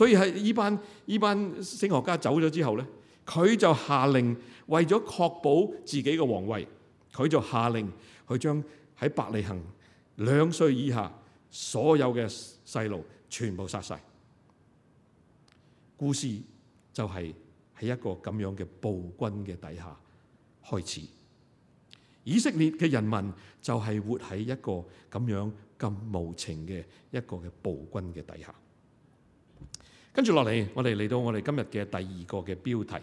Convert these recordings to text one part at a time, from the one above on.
所以喺呢班呢班星學家走咗之後咧，佢就下令，為咗確保自己嘅皇位，佢就下令去將喺伯利恆兩歲以下所有嘅細路全部殺晒。故事就係喺一個咁樣嘅暴君嘅底下開始。以色列嘅人民就係活喺一個咁樣咁無情嘅一個嘅暴君嘅底下。跟住落嚟，我哋嚟到我哋今日嘅第二個嘅標題，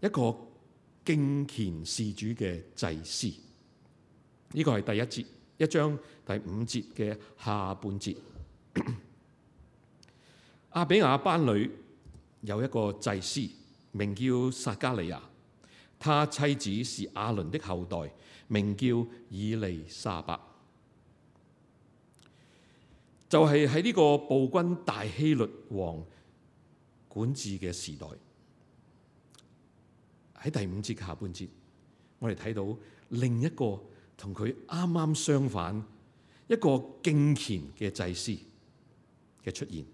一個敬虔事主嘅祭司。呢、這個係第一節一章第五節嘅下半節。亞比雅班裏有一個祭司，名叫撒加利亞，他妻子是亞倫的後代，名叫以利沙伯。就係喺呢個暴君大希律王管治嘅時代，喺第五節下半節，我哋睇到另一個同佢啱啱相反一個敬虔嘅祭司嘅出現。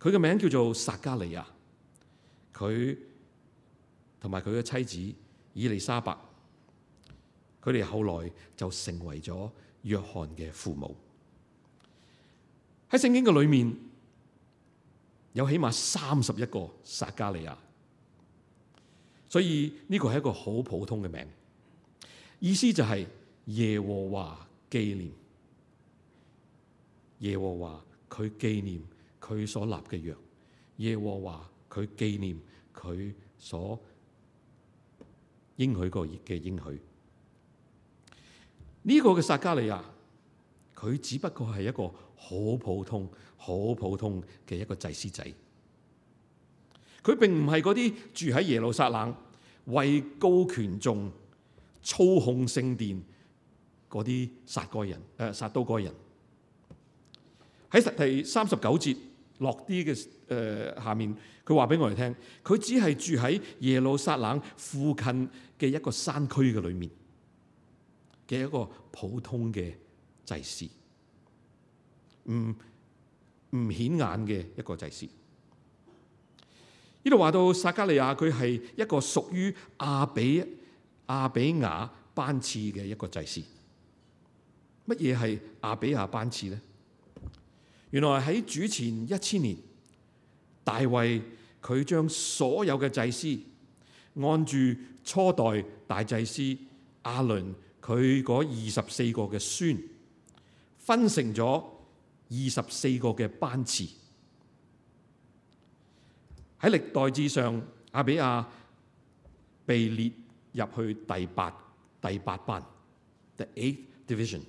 佢嘅名叫做撒加利亞，佢同埋佢嘅妻子伊利莎白，佢哋後來就成為咗約翰嘅父母。喺聖經嘅裏面，有起碼三十一個撒加利亞，所以呢個係一個好普通嘅名，意思就係耶和華紀念，耶和華佢紀念佢所立嘅約，耶和華佢紀念佢所，所應許過嘅應許。呢個嘅撒加利亞，佢只不過係一個。好普通、好普通嘅一個祭司仔，佢並唔係嗰啲住喺耶路撒冷、位高權重、操控聖殿嗰啲撒該人、誒撒都該人。喺實第三十九節落啲嘅誒下面，佢話俾我哋聽，佢只係住喺耶路撒冷附近嘅一個山區嘅裏面嘅一個普通嘅祭司。唔唔顯眼嘅一個祭司，呢度話到撒加利亞佢係一個屬於亞比亞比雅班次嘅一個祭司。乜嘢係亞比雅班次呢？原來喺主前一千年，大衛佢將所有嘅祭司按住初代大祭司亞倫佢嗰二十四個嘅孫分成咗。二十四個嘅班次喺歷代志上，亞比亞被列入去第八第八班，the eighth division。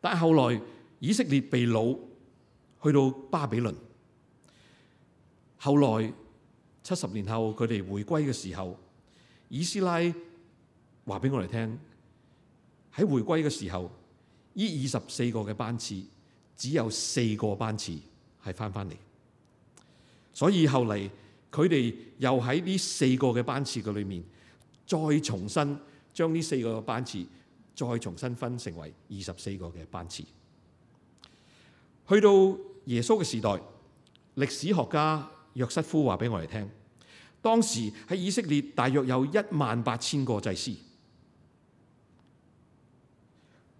但係後來以色列被擄去到巴比倫，後來七十年後佢哋回歸嘅時候，以斯拉話俾我哋聽喺回歸嘅時候。呢二十四個嘅班次，只有四個班次係翻翻嚟，所以後嚟佢哋又喺呢四個嘅班次裏面，再重新將呢四個班次再重新分成為二十四個嘅班次。去到耶穌嘅時代，歷史學家約瑟夫話俾我哋聽，當時喺以色列大約有一萬八千個祭司。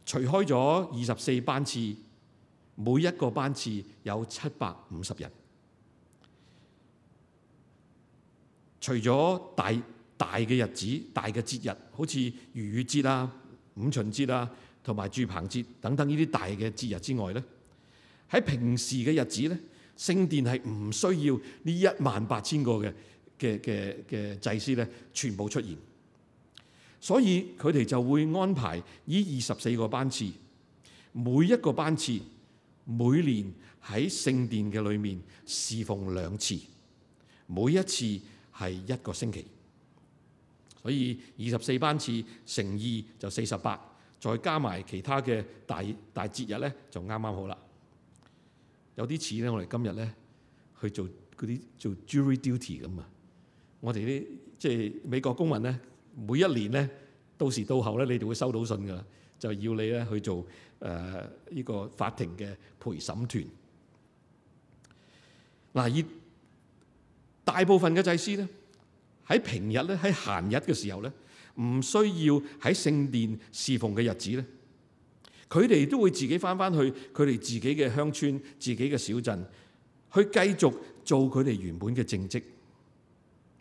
除開咗二十四班次，每一個班次有七百五十人。除咗大大嘅日子、大嘅節日，好似逾越節啊、五旬節啊，同埋住棚節等等呢啲大嘅節日之外咧，喺平時嘅日子咧，聖殿係唔需要呢一萬八千個嘅嘅嘅嘅祭司咧，全部出現。所以佢哋就會安排呢二十四個班次，每一個班次每年喺聖殿嘅裏面侍奉兩次，每一次係一個星期。所以二十四班次乘二就四十八，再加埋其他嘅大大節日咧，就啱啱好啦。有啲似咧，我哋今日咧去做嗰啲做 jury duty 咁啊！我哋啲即係美國公民咧。每一年咧，到時到後咧，你哋會收到信噶，就要你咧去做誒依、呃呢個法庭嘅陪審團。嗱，而大部分嘅祭司咧，喺平日咧，喺閒日嘅時候咧，唔需要喺聖殿侍奉嘅日子咧，佢哋都會自己翻翻去佢哋自己嘅鄉村、自己嘅小鎮，去繼續做佢哋原本嘅正職。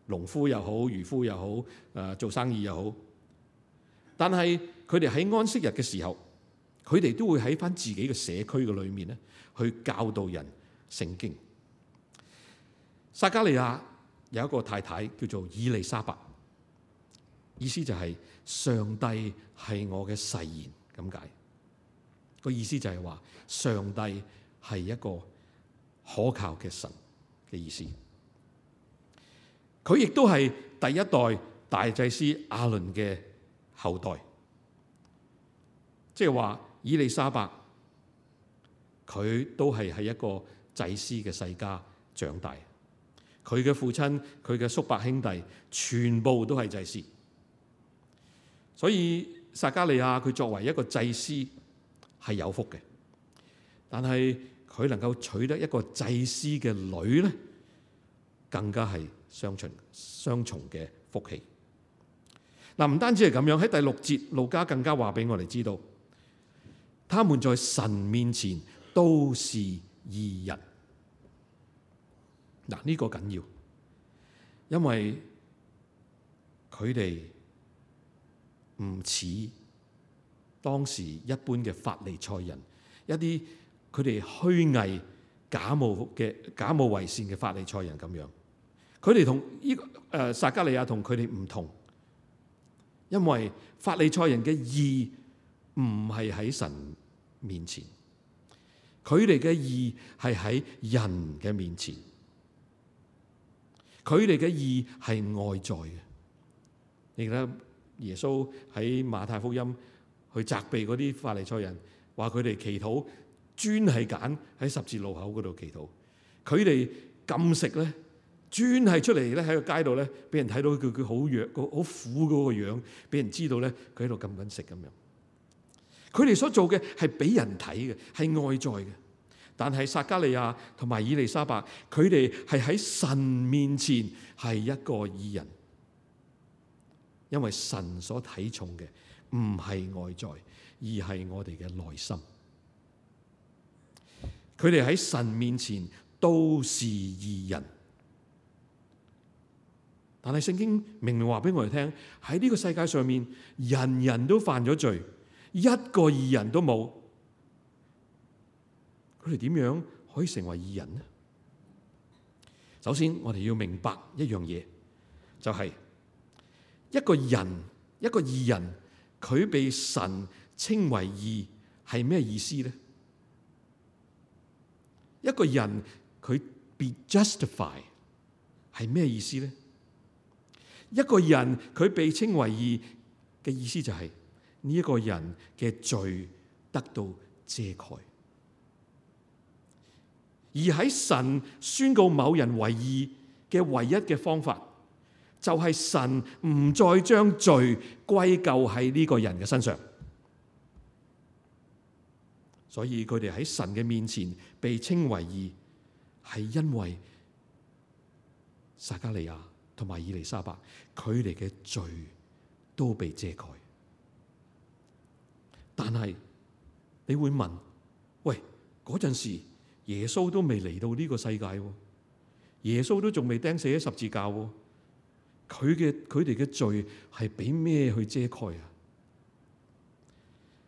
農夫又好，漁夫又好，誒做生意又好，但係佢哋喺安息日嘅時候，佢哋都會喺返自己嘅社區嘅裏面咧，去教導人聖經。撒迦利亞有一個太太叫做以利沙伯，意思就係上帝係我嘅誓言咁解。個意思就係話上帝係一個可靠嘅神嘅意思。佢亦都係第一代大祭司阿倫嘅後代，即係話以利沙伯，佢都係喺一個祭司嘅世家長大的。佢嘅父親、佢嘅叔伯兄弟全部都係祭司，所以撒加利亞佢作為一個祭司係有福嘅，但係佢能夠娶得一個祭司嘅女咧，更加係。雙重雙重嘅福氣，嗱、啊、唔單止係咁樣，喺第六節，路加更加話俾我哋知道，他們在神面前都是義人。嗱、啊、呢、這個緊要，因為佢哋唔似當時一般嘅法利賽人，一啲佢哋虛偽、假冒嘅假冒偽善嘅法利賽人咁樣。佢哋同依個誒撒加利亞同佢哋唔同，因為法利賽人嘅義唔係喺神面前，佢哋嘅義係喺人嘅面前，佢哋嘅義係外在嘅。你記得耶穌喺馬太福音去責備嗰啲法利賽人，話佢哋祈禱專係揀喺十字路口嗰度祈禱，佢哋禁食咧，專係出嚟咧喺個街度咧，俾人睇到佢佢好弱、好苦嗰個樣，俾人知道咧佢喺度咁禁食咁樣。佢哋所做嘅係俾人睇嘅，係外在嘅。但係撒迦利亞同埋以利沙伯，佢哋係喺神面前係一個義人，因為神所睇重嘅唔係外在，而係我哋嘅內心。佢哋喺神面前都是義人。但係聖經明明話俾我哋聽，喺呢個世界上面，人人都犯咗罪，一個義人都冇。佢哋點樣可以成為義人呢？首先，我哋要明白一樣嘢，就係、是、一個人一個義人，佢被神稱為「義」，係咩意思呢？一個人佢被 justify 係咩意思呢？一個人佢被稱為義嘅意思就係呢一個人嘅罪得到遮蓋，而喺神宣告某人為義嘅唯一嘅方法，就係、是、神唔再將罪歸咎喺呢個人嘅身上。所以佢哋喺神嘅面前被稱為義，係因為撒加利亞。同埋以利沙伯，佢哋嘅罪都被遮蓋。但係你會問：喂，嗰陣時耶穌都未嚟到呢個世界，耶穌都仲未釘死喺十字架，佢嘅佢哋嘅罪係俾咩去遮蓋啊？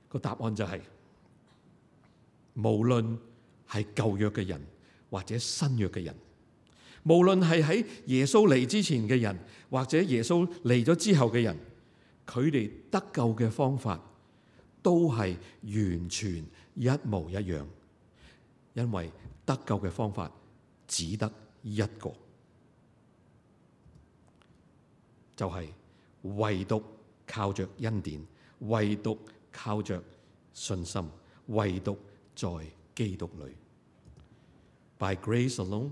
個答案就係：無論係舊約嘅人或者新約嘅人。無論係喺耶穌嚟之前嘅人，或者耶穌嚟咗之後嘅人，佢哋得救嘅方法都係完全一模一樣，因為得救嘅方法只得一個，就係、是、唯獨靠着恩典，唯獨靠着信心，唯獨在基督裏。By grace alone.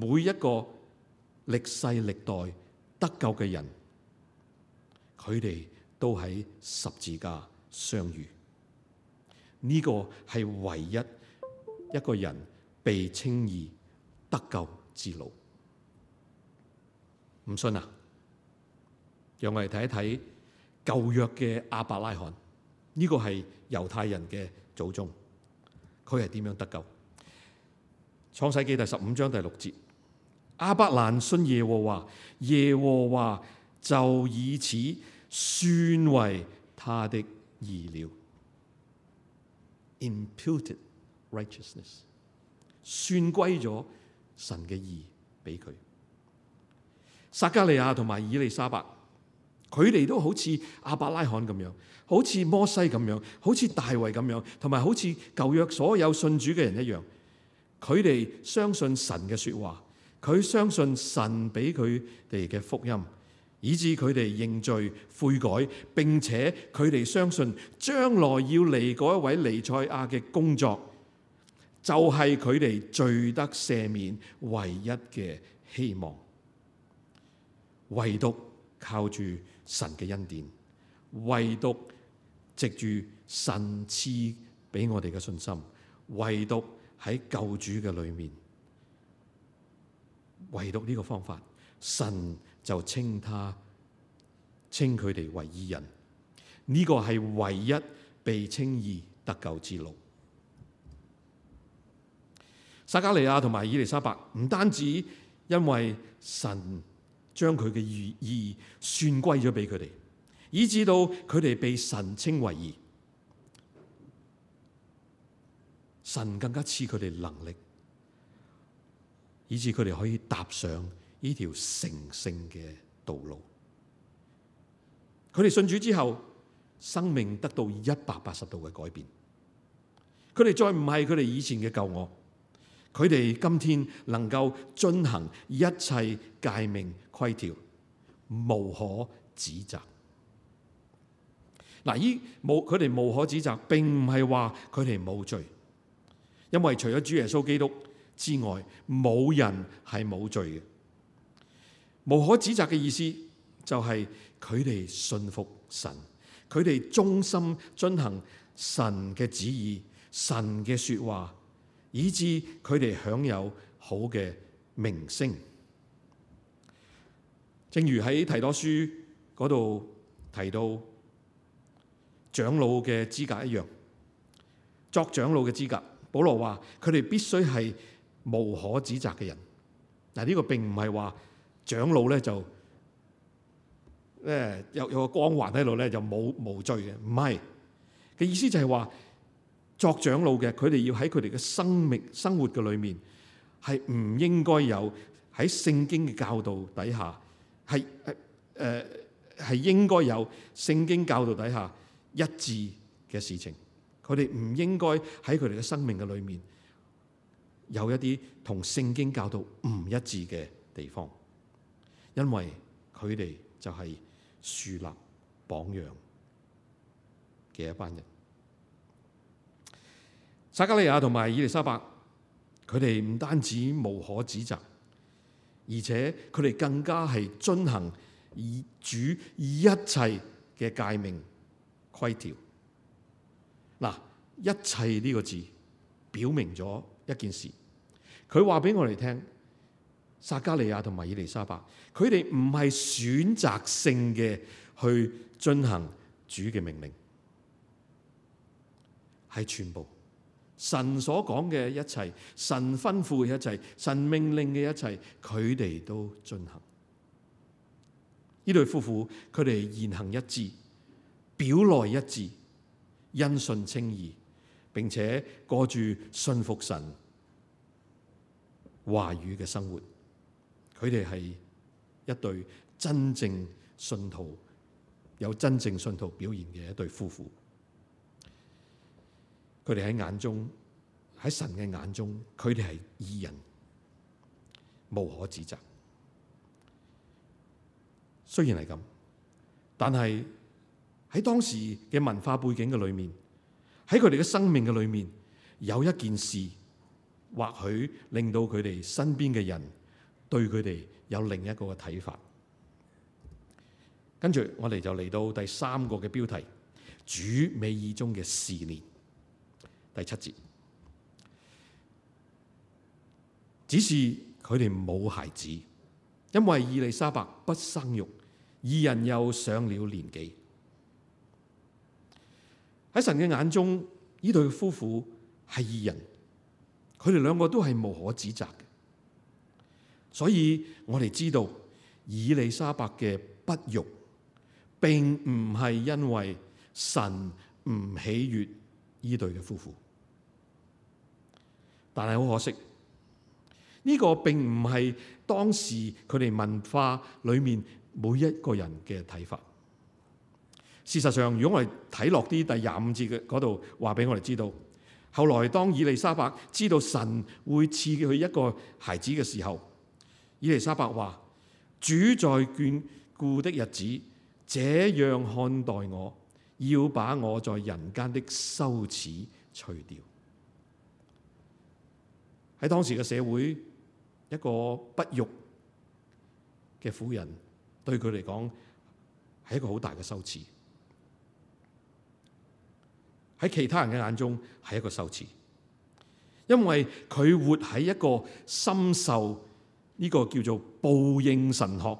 每一個歷世歷代得救嘅人，佢哋都喺十字架相遇。呢、這個係唯一一個人被稱義得救之路。唔信啊？讓我哋嚟睇一睇舊約嘅亞伯拉罕，呢、這個係猶太人嘅祖宗，佢係點樣得救？創世記第十五章第六節。阿伯蘭信耶和華，耶和華就以此算為他的意料 Imputed righteousness，算歸咗神嘅意俾佢。撒加利亞同埋伊利沙伯，佢哋都好似阿伯拉罕咁樣，好似摩西咁樣，好似大衛咁樣，同埋好似舊約所有信主嘅人一樣，佢哋相信神嘅說話。佢相信神俾佢哋嘅福音，以致佢哋認罪悔改，並且佢哋相信將來要嚟嗰一位彌賽亞嘅工作，就係佢哋罪得赦免唯一嘅希望。唯獨靠住神嘅恩典，唯獨藉住神賜俾我哋嘅信心，唯獨喺救主嘅裏面。唯獨呢個方法，神就稱他稱佢哋為義人，呢、這個係唯一被稱義得救之路。撒迦利亞同埋以利沙伯唔單止因為神將佢嘅義算歸咗俾佢哋，以至到佢哋被神稱為義，神更加賜佢哋能力。以致佢哋可以踏上呢條成聖嘅道路，佢哋信主之後，生命得到一百八十度嘅改變。佢哋再唔係佢哋以前嘅舊我，佢哋今天能夠遵行一切誡命規條，無可指責。嗱，依冇佢哋無可指責，並唔係話佢哋冇罪，因為除咗主耶穌基督。之外，冇人係冇罪嘅。無可指責嘅意思就係佢哋信服神，佢哋忠心遵行神嘅旨意、神嘅說話，以致佢哋享有好嘅名聲。正如喺提多書嗰度提到長老嘅資格一樣，作長老嘅資格，保羅話佢哋必須係。無可指責嘅人，嗱，呢個並唔係話長老咧就誒有有個光環喺度咧就冇無，無罪嘅，唔係嘅，意思就係話作長老嘅佢哋要喺佢哋嘅生命生活嘅裏面係唔應該有喺聖經嘅教導底下係誒誒係應該有聖經教導底下一致嘅事情，佢哋唔應該喺佢哋嘅生命嘅裏面。有一啲同聖經教導唔一致嘅地方，因為佢哋就係樹立榜樣嘅一班人。撒加利亞同埋伊利沙伯，佢哋唔單止無可指責，而且佢哋更加係遵行以主以一切嘅誡命規條。嗱，一切呢個字表明咗。一件事，佢話俾我哋聽，撒迦利亞同埋以利沙伯，佢哋唔係選擇性嘅去進行主嘅命令，係全部。神所講嘅一切，神吩咐嘅一切，神命令嘅一切，佢哋都進行。呢對夫婦，佢哋言行一致，表裏一致，因信稱義。並且過住信服神話語嘅生活，佢哋係一對真正信徒，有真正信徒表現嘅一對夫婦。佢哋喺眼中，喺神嘅眼中，佢哋係義人，無可指責。雖然係咁，但係喺當時嘅文化背景嘅裏面。喺佢哋嘅生命嘅裏面，有一件事，或許令到佢哋身邊嘅人對佢哋有另一個嘅睇法。跟住我哋就嚟到第三個嘅標題：主美意中嘅試煉。第七節。只是佢哋冇孩子，因為以利沙伯不生育，二人又上了年紀。喺神嘅眼中，呢對夫婦係義人，佢哋兩個都係無可指責嘅。所以我哋知道以利沙伯嘅不育，並唔係因為神唔喜悅呢對嘅夫婦，但係好可惜呢個，並唔係當時佢哋文化裏面每一個人嘅睇法。事實上，如果我哋睇落啲第廿五節嘅嗰度，話俾我哋知道，後來當以利沙伯知道神會賜佢一個孩子嘅時候，以利沙伯話：主在眷顧的日子，這樣看待我，要把我在人間的羞恥除掉。喺當時嘅社會，一個不育嘅婦人對佢嚟講係一個好大嘅羞恥。喺其他人嘅眼中係一個羞恥，因為佢活喺一個深受呢個叫做報應神學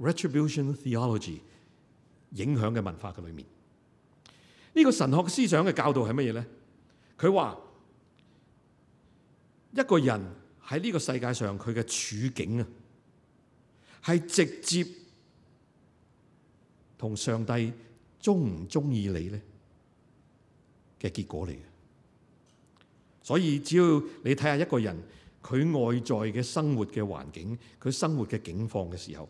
retribution theology 影響嘅文化嘅裏面。呢個神學思想嘅教導係乜嘢咧？佢話一個人喺呢個世界上佢嘅處境啊，係直接同上帝中唔中意你咧？嘅結果嚟嘅，所以只要你睇下一個人佢外在嘅生活嘅環境，佢生活嘅境況嘅時候，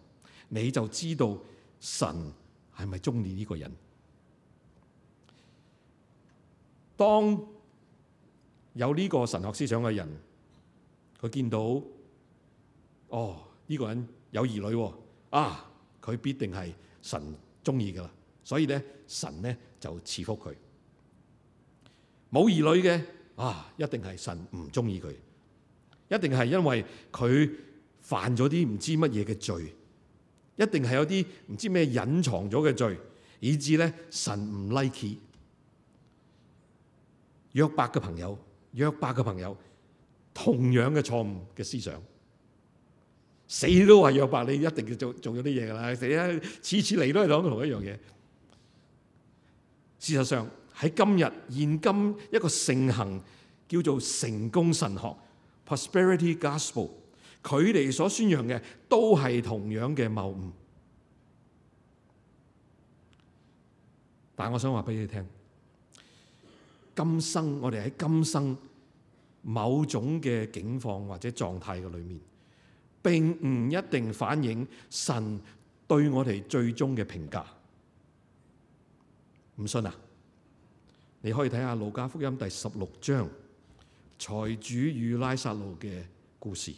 你就知道神係咪中意呢個人。當有呢個神學思想嘅人，佢見到哦呢個人有兒女喎，啊佢必定係神中意㗎喇，所以咧神咧就賜福佢。冇兒女嘅啊，一定係神唔中意佢，一定係因為佢犯咗啲唔知乜嘢嘅罪，一定係有啲唔知咩隱藏咗嘅罪，以至咧神唔 like。約伯嘅朋友，約伯嘅朋友同樣嘅錯誤嘅思想，死都話約伯，你一定要做做咗啲嘢噶啦，死啊，次次嚟都係講同一樣嘢。事實上。喺今日，現今一個盛行叫做成功神學 （Prosperity Gospel），佢哋所宣揚嘅都係同樣嘅謬誤。但我想話俾你聽，今生我哋喺今生某種嘅境況或者狀態嘅裏面，並唔一定反映神對我哋最終嘅評價。唔信啊？你可以睇下《路加福音》第十六章財主與拉撒路嘅故事。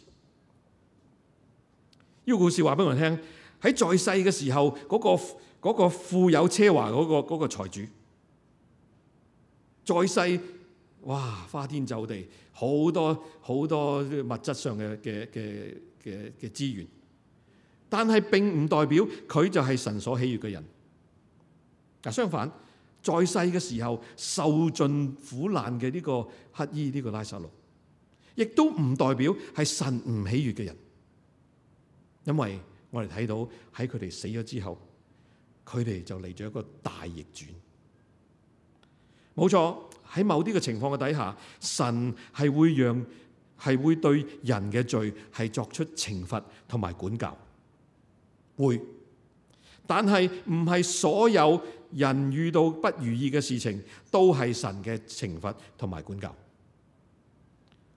呢個故事話俾我聽：喺在世嘅時候，嗰個嗰個富有奢華嗰個嗰個財主，在世哇花天酒地，好多好多物質上嘅嘅嘅嘅嘅資源，但係並唔代表佢就係神所喜悅嘅人。嗱，相反。在世嘅時候受盡苦難嘅呢個乞衣呢個拉撒路，亦都唔代表係神唔喜悅嘅人，因為我哋睇到喺佢哋死咗之後，佢哋就嚟咗一個大逆轉。冇錯，喺某啲嘅情況嘅底下，神係會讓係會對人嘅罪係作出懲罰同埋管教，會。但係唔係所有人遇到不如意嘅事情都係神嘅懲罰同埋管教。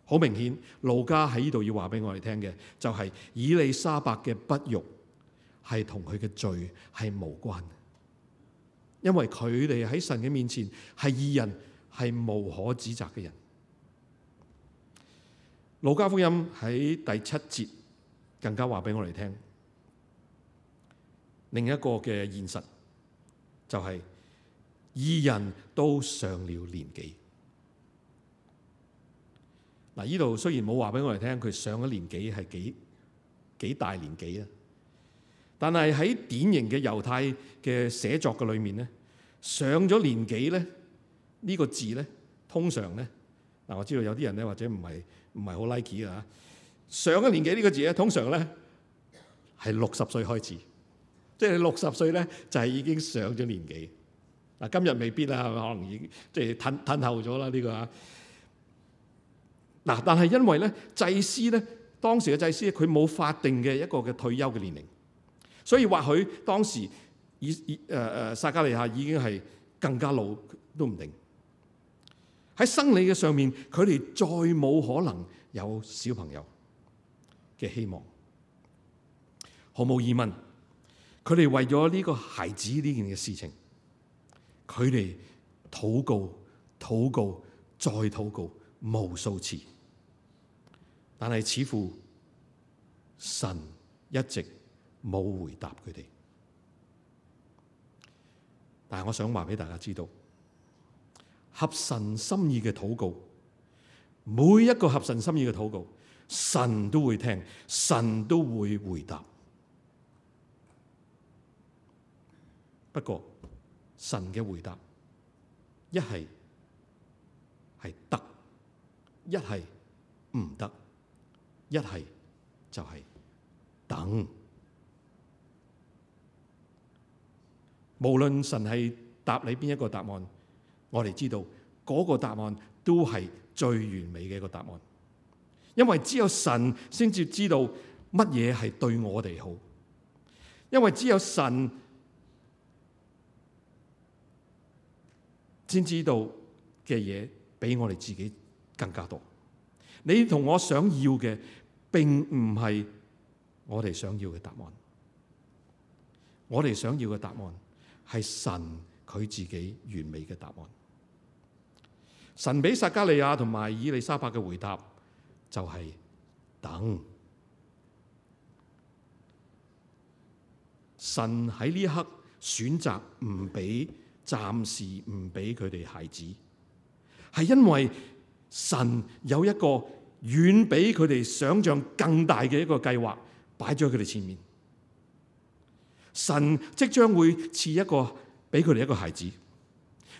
好明顯，路加喺呢度要話俾我哋聽嘅，就係以利沙伯嘅不育係同佢嘅罪係無關，因為佢哋喺神嘅面前係義人，係無可指責嘅人。路加福音喺第七節更加話俾我哋聽。另一個嘅現實就係二人都上了年紀。嗱，呢度雖然冇話俾我哋聽，佢上咗年紀係幾幾大年紀啊？但係喺典型嘅猶太嘅寫作嘅裏面咧，上咗年紀咧呢個字咧，通常咧嗱，我知道有啲人咧或者唔係唔係好 like 嘅，嚇，上咗年紀呢個字咧，通常咧係六十歲開始。即係六十歲咧，就係已經上咗年紀。嗱，今日未必啊，可能已經即係褪褪後咗啦呢個啊。嗱，但係因為咧祭司咧，當時嘅祭司佢冇法定嘅一個嘅退休嘅年齡，所以或許當時已已誒誒撒迦利亞已經係更加老都唔定。喺生理嘅上面，佢哋再冇可能有小朋友嘅希望，毫無疑問。佢哋為咗呢個孩子呢件嘅事情，佢哋禱告、禱告、再禱告無數次，但係似乎神一直冇回答佢哋。但係我想話俾大家知道，合神心意嘅禱告，每一個合神心意嘅禱告，神都會聽，神都會回答。不過神嘅回答一係係得，一係唔得，一係就係等。無論神係答你邊一個答案，我哋知道嗰個答案都係最完美嘅一個答案，因為只有神先至知道乜嘢係對我哋好，因為只有神。先知道嘅嘢，比我哋自己更加多。你同我想要嘅，並唔係我哋想要嘅答案。我哋想要嘅答案，係神佢自己完美嘅答案。神俾撒加利亞同埋伊利沙伯嘅回答，就是，就係等。神喺呢刻選擇唔俾。暫時唔俾佢哋孩子，係因為神有一個遠比佢哋想象更大嘅一個計劃擺咗喺佢哋前面。神即將會賜一個俾佢哋一個孩子，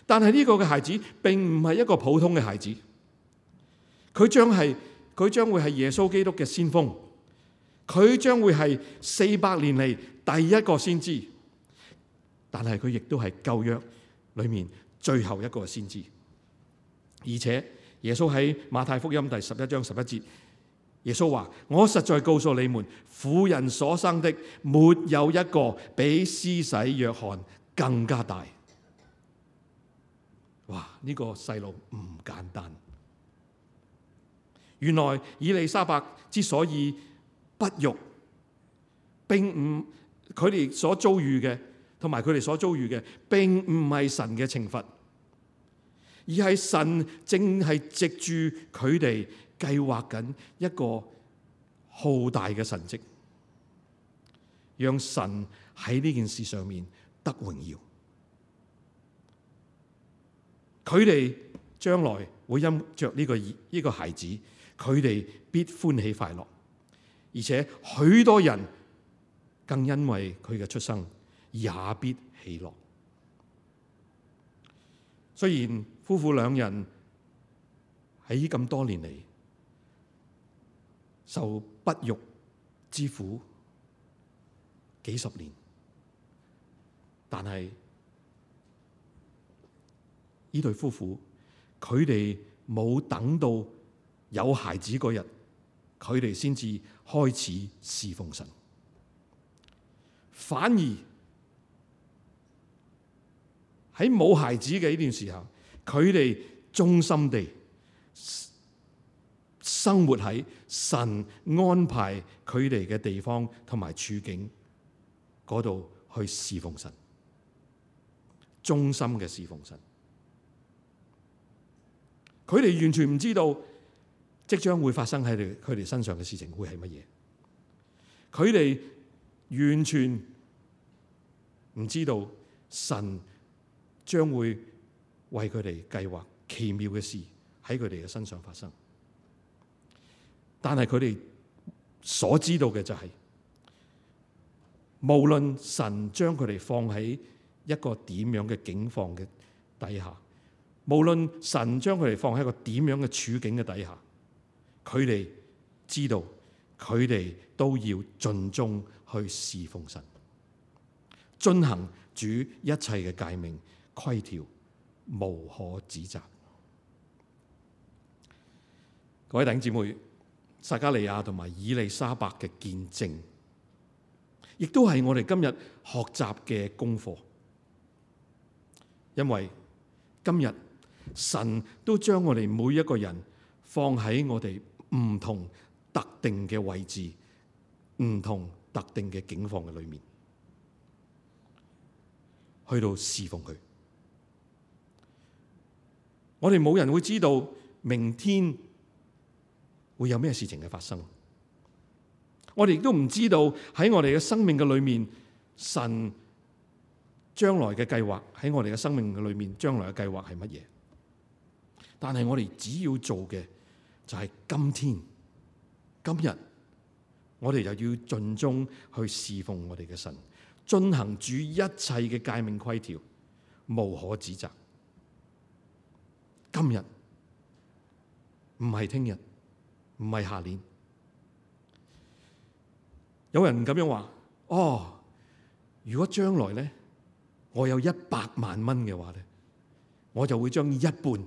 但係呢個嘅孩子並唔係一個普通嘅孩子，佢將係佢將會係耶穌基督嘅先鋒，佢將會係四百年嚟第一個先知，但係佢亦都係舊約。裏面最後一個先知，而且耶穌喺馬太福音第十一章十一節，耶穌話：我實在告訴你們，婦人所生的沒有一個比施洗約翰更加大。哇！呢、這個細路唔簡單。原來以利沙伯之所以不育，並唔佢哋所遭遇嘅。同埋佢哋所遭遇嘅，並唔係神嘅懲罰，而係神正係藉住佢哋計劃緊一個浩大嘅神蹟，讓神喺呢件事上面得榮耀。佢哋將來會因着呢個呢個孩子，佢哋必歡喜快樂，而且許多人更因為佢嘅出生，也必喜樂。雖然夫婦兩人喺咁多年嚟，受不育之苦幾十年，但係呢對夫婦，佢哋冇等到有孩子嗰日，佢哋先至開始侍奉神，反而。喺冇孩子嘅呢段時候，佢哋忠心地生活喺神安排佢哋嘅地方同埋處境嗰度去侍奉神，忠心嘅侍奉神。佢哋完全唔知道即將會發生喺佢哋身上嘅事情會係乜嘢，佢哋完全唔知道神。將會為佢哋計劃奇妙嘅事喺佢哋嘅身上發生，但係佢哋所知道嘅就係，無論神將佢哋放喺一個點樣嘅境況嘅底下，無論神將佢哋放喺一個點樣嘅處境嘅底下，佢哋知道，佢哋都要盡忠去侍奉神，遵行主一切嘅誡命。規條無可指責。各位弟兄姐妹，撒加利亞同埋以利沙伯嘅見證，亦都係我哋今日學習嘅功課。因為今日神都將我哋每一個人放喺我哋唔同特定嘅位置，唔同特定嘅境況嘅裏面，去到侍奉佢。我哋冇人會知道明天會有咩事情嘅發生，我哋亦都唔知道喺我哋嘅生命嘅裏面，神將來嘅計劃喺我哋嘅生命嘅裏面將來嘅計劃係乜嘢？但係我哋只要做嘅就係今天、今日，我哋就要盡忠去侍奉我哋嘅神，遵行主一切嘅誡命規條，無可指責。今日唔係聽日，唔係下年。有人咁樣話：哦，如果將來咧，我有一百萬蚊嘅話咧，我就會將一半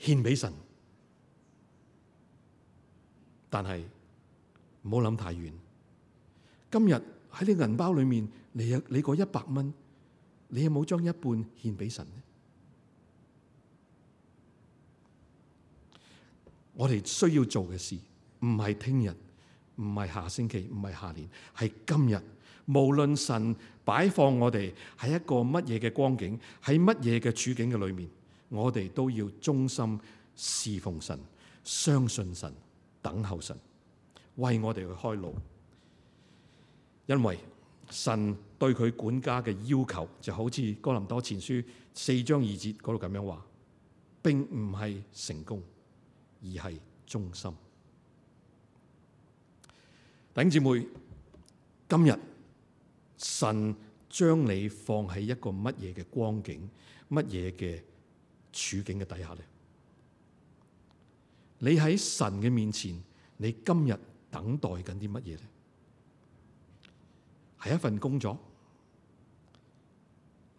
獻俾神。但係唔好諗太遠。今日喺你銀包裏面，你有你嗰一百蚊，你有冇將一半獻俾神咧？我哋需要做嘅事，唔係聽日，唔係下星期，唔係下年，係今日。無論神擺放我哋喺一個乜嘢嘅光景，喺乜嘢嘅處境嘅裏面，我哋都要忠心侍奉神，相信神，等候神，為我哋去開路。因為神對佢管家嘅要求，就好似哥林多前書四章二節嗰度咁樣話，並唔係成功。而係忠心，弟兄姊妹，今日神將你放喺一個乜嘢嘅光景、乜嘢嘅處境嘅底下咧？你喺神嘅面前，你今日等待緊啲乜嘢咧？係一份工作，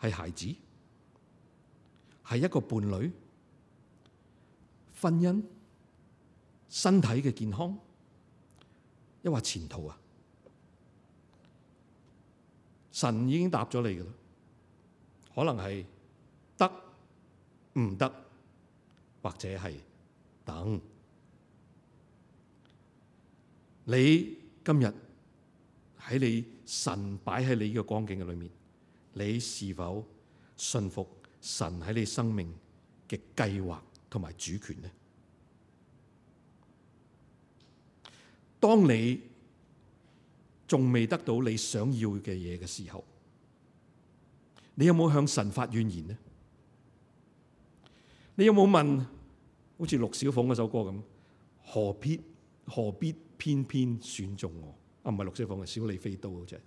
係孩子，係一個伴侶，婚姻。身體嘅健康，抑或前途啊，神已經答咗你嘅咯，可能係得唔得，或者係等你今日喺你神擺喺你呢個光景嘅裏面，你是否信服神喺你生命嘅計劃同埋主權咧？當你仲未得到你想要嘅嘢嘅時候，你有冇向神發怨言呢？你有冇問，好似陸小鳳嗰首歌咁，何必何必偏偏選中我？啊，唔係陸小鳳嘅，小李飛刀嘅啫。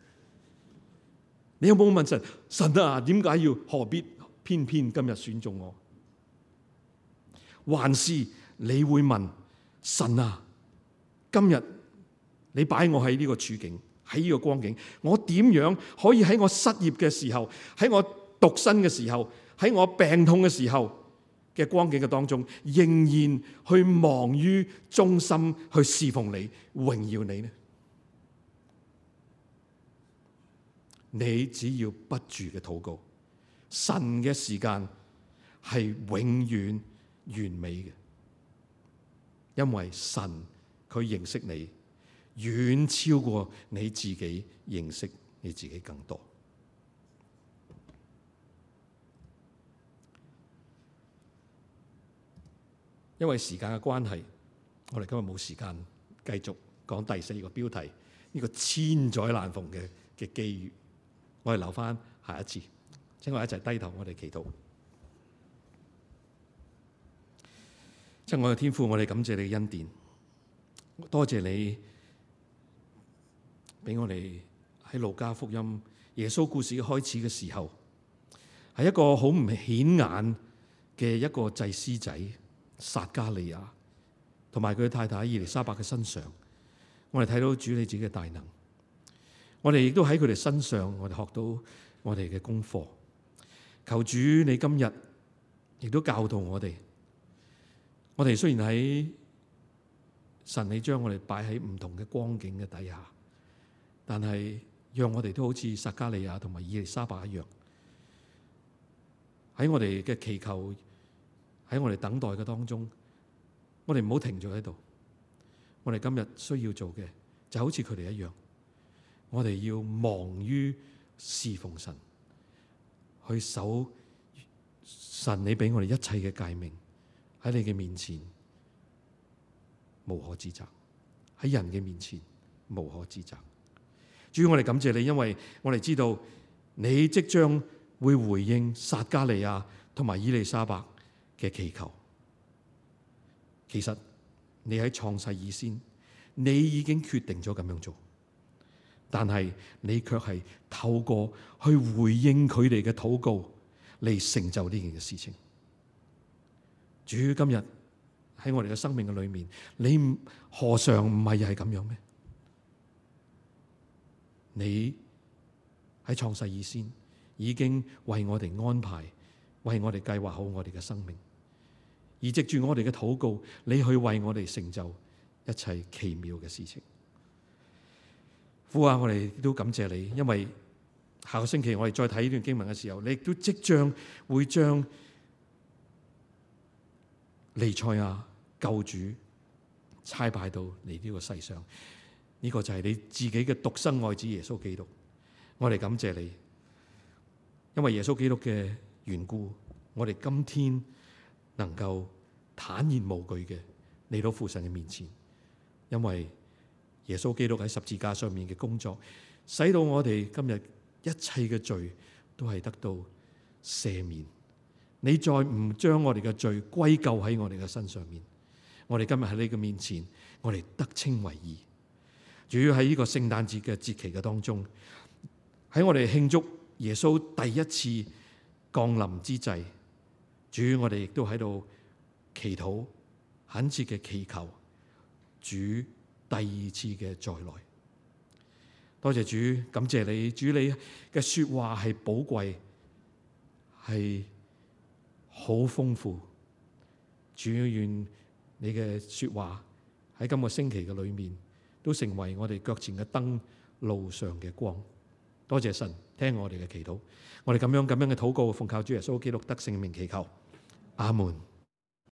你有冇問神？神啊，點解要何必偏偏今日選中我？還是你會問神啊？今日？你擺我喺呢個處境，喺呢個光景，我點樣可以喺我失業嘅時候，喺我獨身嘅時候，喺我病痛嘅時候嘅光景嘅當中，仍然去忙於忠心去侍奉你，榮耀你呢？你只要不住嘅禱告，神嘅時間係永遠完美嘅，因為神佢認識你。遠超過你自己認識你自己更多，因為時間嘅關係，我哋今日冇時間繼續講第四個標題，呢個千載難逢嘅嘅機遇，我哋留翻下一次，請我一齊低頭，我哋祈禱。即係我嘅天父，我哋感謝你嘅恩典，多謝你。俾我哋喺路加福音耶穌故事開始嘅時候，係一個好唔顯眼嘅一個祭司仔撒加利亞，同埋佢太太伊麗莎白嘅身上，我哋睇到主你自己嘅大能。我哋亦都喺佢哋身上，我哋學到我哋嘅功課。求主你今日亦都教導我哋。我哋雖然喺神，你將我哋擺喺唔同嘅光景嘅底下。但係，讓我哋都好似撒加利亞同埋以利沙伯一樣，喺我哋嘅祈求，喺我哋等待嘅當中，我哋唔好停咗喺度。我哋今日需要做嘅，就好似佢哋一樣，我哋要忙於侍奉神，去守神你俾我哋一切嘅誡命。喺你嘅面前無可指責，喺人嘅面前無可指責。主，我哋感謝你，因為我哋知道你即將會回應撒加利亞同埋以利沙伯嘅祈求。其實你喺創世以先，你已經決定咗咁樣做，但係你卻係透過去回應佢哋嘅禱告嚟，成就呢件嘅事情。主，今日喺我哋嘅生命嘅裏面，你何嘗唔係係咁樣咩？你喺創世以先已經為我哋安排，為我哋計劃好我哋嘅生命，而藉住我哋嘅禱告，你去為我哋成就一切奇妙嘅事情。父啊，我哋都感謝你，因為下個星期我哋再睇呢段經文嘅時候，你亦都即將會將彌賽亞救主差派到你呢個世上。呢個就係你自己嘅獨生愛子耶穌基督，我哋感謝你，因為耶穌基督嘅緣故，我哋今天能夠坦然無懼嘅嚟到父神嘅面前，因為耶穌基督喺十字架上面嘅工作，使到我哋今日一切嘅罪都係得到赦免。你再唔將我哋嘅罪歸咎喺我哋嘅身上面，我哋今日喺你嘅面前，我哋得稱為義。主要喺呢個聖誕節嘅節期嘅當中，喺我哋慶祝耶穌第一次降臨之際，主，我哋亦都喺度祈禱，懇切嘅祈求主第二次嘅再來。多謝主，感謝你，主你嘅說話係寶貴，係好豐富。主要願你嘅說話喺今個星期嘅裏面，都成為我哋腳前嘅燈，路上嘅光。多謝神聽我哋嘅祈禱，我哋噉樣噉樣嘅禱告，奉靠主耶穌基督嘅聖名祈求，阿門。